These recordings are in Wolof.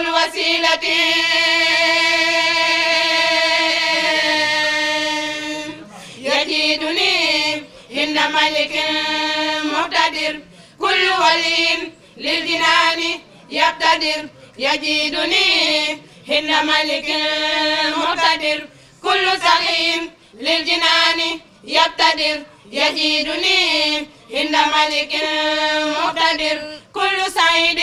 الوسيلة يجدني عند ملك مقتدر كل ولي للجنان يقتدر يجدني عند ملك مقتدر كل سخيم للجنان يقتدر يجدني عند ملك مقتدر كل سعيد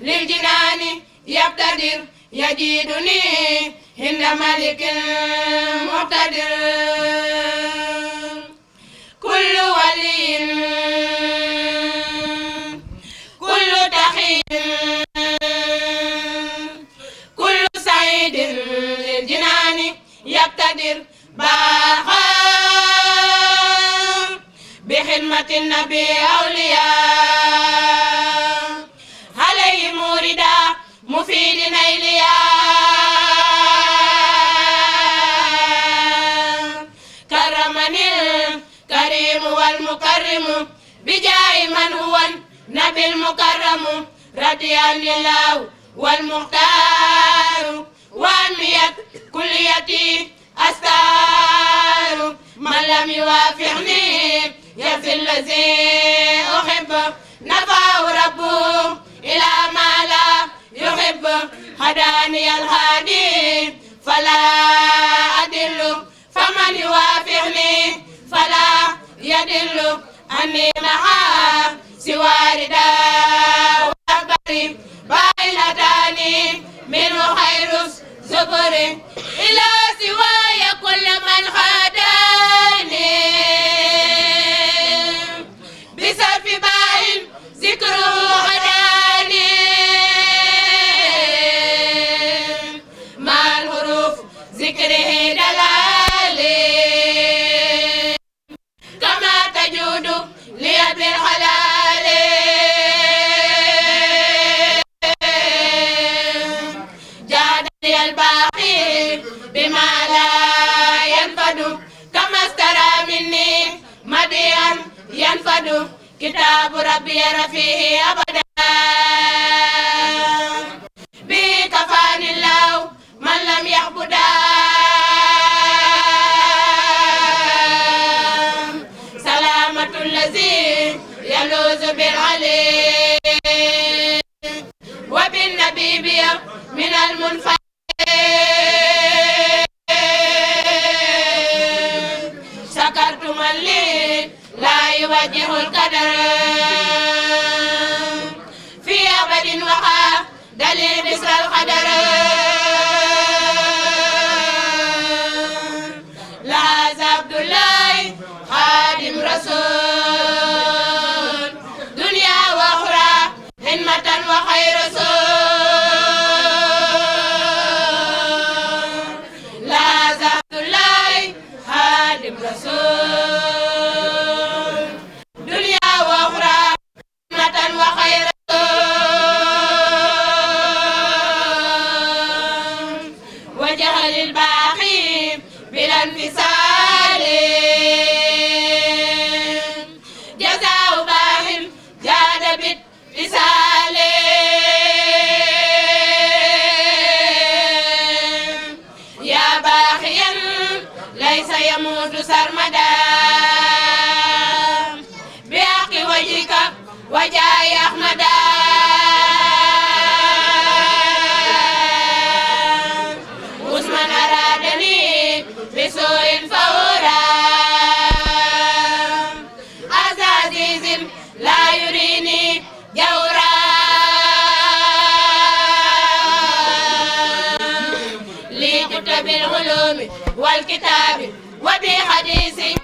للجنان يقتدر يجدني عند ملك مقتدر كل ولي كل تحي كل سعيد للجنان يقتدر باخر بخدمة النبي أولياء مفيد نيليا كرمني الكريم والمكرم بجاه من هو النبي المكرم رضي الله والمختار وأنميت كليتي أستار من لم يوافقني يفي الذي أحب نفاه ربه هداني الهادي فلا أدل فمن يوافقني فلا يدل أني معه سوى رداء وأكبر بائلتان منه خير الزبر كتاب ربي رفيه أبدا بي كفاني الله من لم يعبده بسور فورا عزيز لا يريني جورا لي قلت بالعلوم والكتاب وبحديث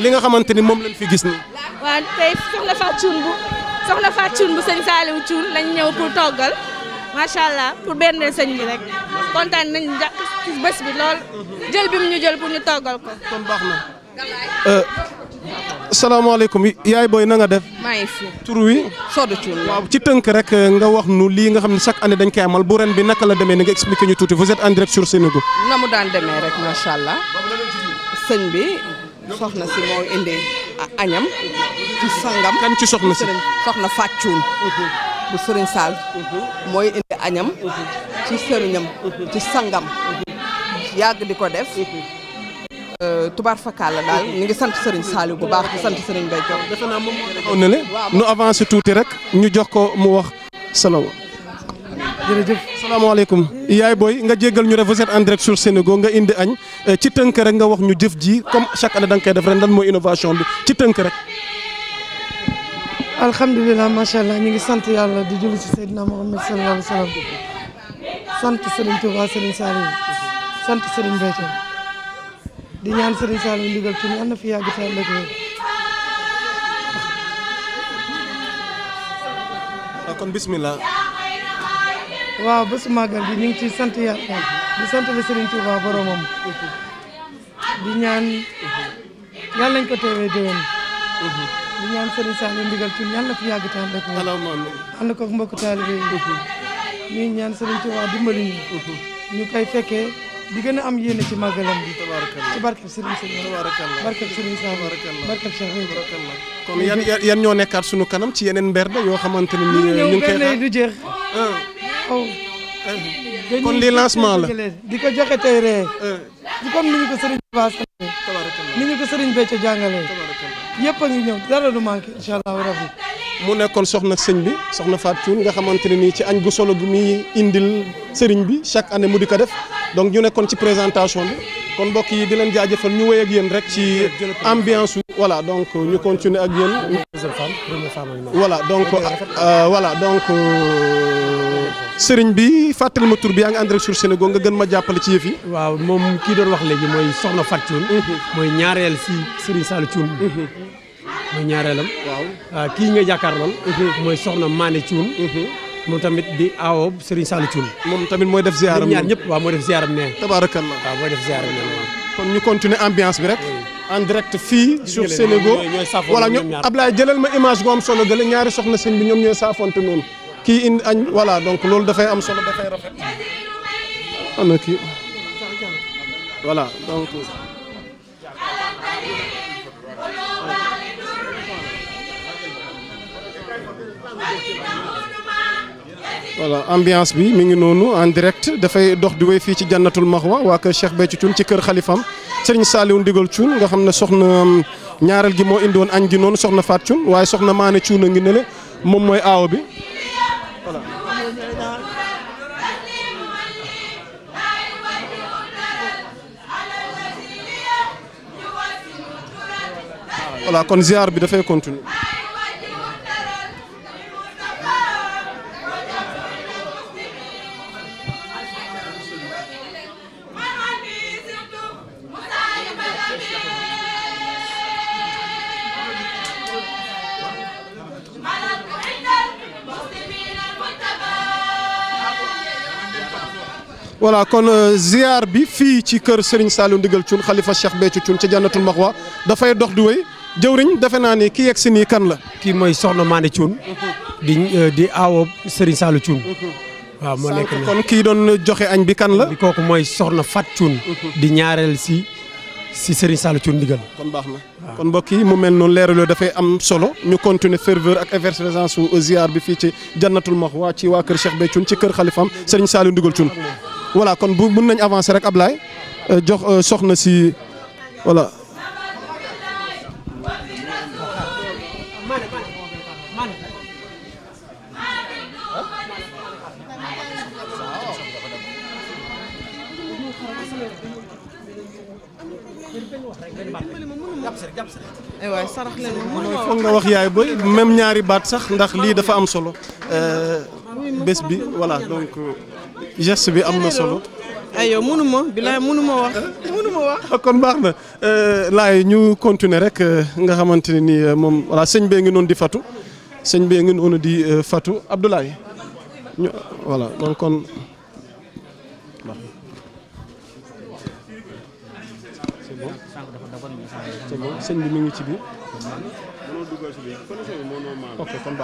li nga xamante ni moom lañ fi gis nii. waaw tey soxna Fatou Thioune bu soxna Fatou Thioune bu sëñ Saliou Thioune lañ ñëw pour toggal macha allah pour benn sëñ bi rek kontaan nañ ja ci bés bi lool jël bi mu ñu jël pour ñu toggal ko. kon salaamaaleykum yaay booy na nga def. maa ngi fi tur wi. Sodou Thioune waaw ci tënk rek eh, nga wax nu lii nga xam ne chaque année dañ koy amal bu ren bi naka la demee ni nga expliqué ñu tuuti vous êtes en direct sur Sénégo. na mu daan demee rek macha allah sëñ bi soxna si moo indi añam ci sangam. kan ci soxna si soxna Fatou bu Serigne Sall. mooy indi añam. ci sëriñam. ci sangam. yàgg di ko def. Euh, tubaar fakkaal la daal ñu ngi sant Serigne Saliou bu baax sant Serigne Mbaye Diop. defe naa moom moo nu avancé tuuti rek ñu jox ko mu wax salaam. jërëjëf salaamaaleykum. yaay booy nga jéggal ñu rek vous êtes en nga indi añ euh, ci tënk rek nga wax ñu jëf ji comme chaque année da def ren lan mooy innovation bi ci tënk rek. alhamdulilah macha allah ñu ngi sant yàlla di julli ci Seydina Mohamed sallallahu alayhi wa sallam sant Serigne sant Serigne Mbaye di ñaan Serigne Saliou ndigal ci yàlla na fi yàgg saa nekk woon. kon bismillah. waaw bésu màggal bi ñu ngi ciy sant yàlla di sant la Serigne Touba boromam. di ñaan yàlla nañ ko teewee déwén. di ñaan Serigne Saliou ndigal ci yàlla na fi yàgg saa nekk woon. ko mbokk taalibe yi. ñuy ñaan Serigne Touba dimbali ñu. Uhuh. ñu koy fekkee. di gën a am yéene ci màggalam bi ci barkeb Serigne Serigne barkeb Serigne Sall barkeb Cheikh kon yan yan ñoo nekkaat sunu kanam ci yeneen mberde yoo xamante ne ni ñu ngi koy xaar du jeex aw oh. oh. kon li lancement la di ko joxe tey ree oh. di comme ni ñu ko Serigne Bass ni ñu ko Serigne Béthio jàngalee yëpp a ngi ñëw dara du manqué incha allahu rabbi mu nekkoon soxna sëñ bi soxna Fatou Thioune nga xamante ne nii ci añ gu solo gu muy indil sëriñ bi chaque année mu di ko def donc ñu nekkoon ci présentation bi kon bokk yi di leen jaajëfal ñu wéy ak yéen rek ci ambiance voilà donc ñu continuer ak yéen voilà donc euh, voilà donc euh, sëriñ bi fàttali ma tur bi yaa ngi ànd rek sur Sénégal nga gën ma jàppale ci yëf yi waaw moom kii doon wax léegi mooy soxna Fat Thioune mhm. mooy ñaareel si sëriñ Saliou Thioune mhm. mooy ñaareelam waaw ah, kii nga jàkkaar lool mhm. mooy soxna Mané Thioune moom tamit bi awo Serigne Saliou moom tamit mooy def ziaram ñaar ñëpp waaw mooy def ziaram ne. tabarakallah waaw mooy def ziaram ne kon ñu continuer ambiance bi rek. en direct fii sur Sénégo voilà ñoom Ablaye jëlal ma image bu am solo gële ñaari soxna sëñ bi ñoom ñooy saafonte kii indi añ voilà donc loolu dafay am solo dafay rafet ana kii voilà ambiance bi mu ngi noonu en direct dafay dox di wéy fii ci jànnatul maxwa waa kër Cheikh Béthio Thioune ci kër xalifam sëriñ Saliou Ndigal Thioune nga xam ne soxna mm, ñaareel gi moo indi woon añ gi noonu soxna Faat Thioune Maane Thioune a ngi ne moom mooy aaw bi voilà. voilà kon ziar bi dafay continuer. voilà kon euh, ziar bi fii ci kër Serigne Saliou Ndigal Thioune xalifa Cheikh Béthio Thioune ci jannatul maxwa dafay dox di wéy jëwriñ defe naa ni ki yegg si nii kan la. kii mooy Soxna Mané Thioune. di euh, di aawoo Serigne Saliou Thioune. waaw moo nekk kon kii doon joxe añ bi kan la. kooku mooy Soxna Fat Thioune. di ñaareel si. si Serigne Saliou Thioune ndigal kon baax na kon mbokk yi mu mel noonu leeral yooyu dafay am solo ñu continuer ferveur ak effervescence su ziar bi fii ci jannatul waa ci waa kër Cheikh Béthio Thioune ci kër xalifam Serigne Saliou ndigal Thioune voilà kon bu mën nañ avancer rek Ablaye euh, jox euh, soxna si voilà. waaw sarax leen nga wax yaay booy même ñaari baat sax ndax lii dafa am solo euh, bés bi voilà donc. geste bi am na solo. aywa mënu ma bilaay wax mënu wax. Ah, kon baax na euh, laay ñu continuer rek euh, nga xamante ne ni euh, moom voilà sëñ bee ngi noonu di fatu sëñ bee ngi noonu di fatu Abdoulaye ñu voilà donc kon. bi mi ngi ci biir. ok kon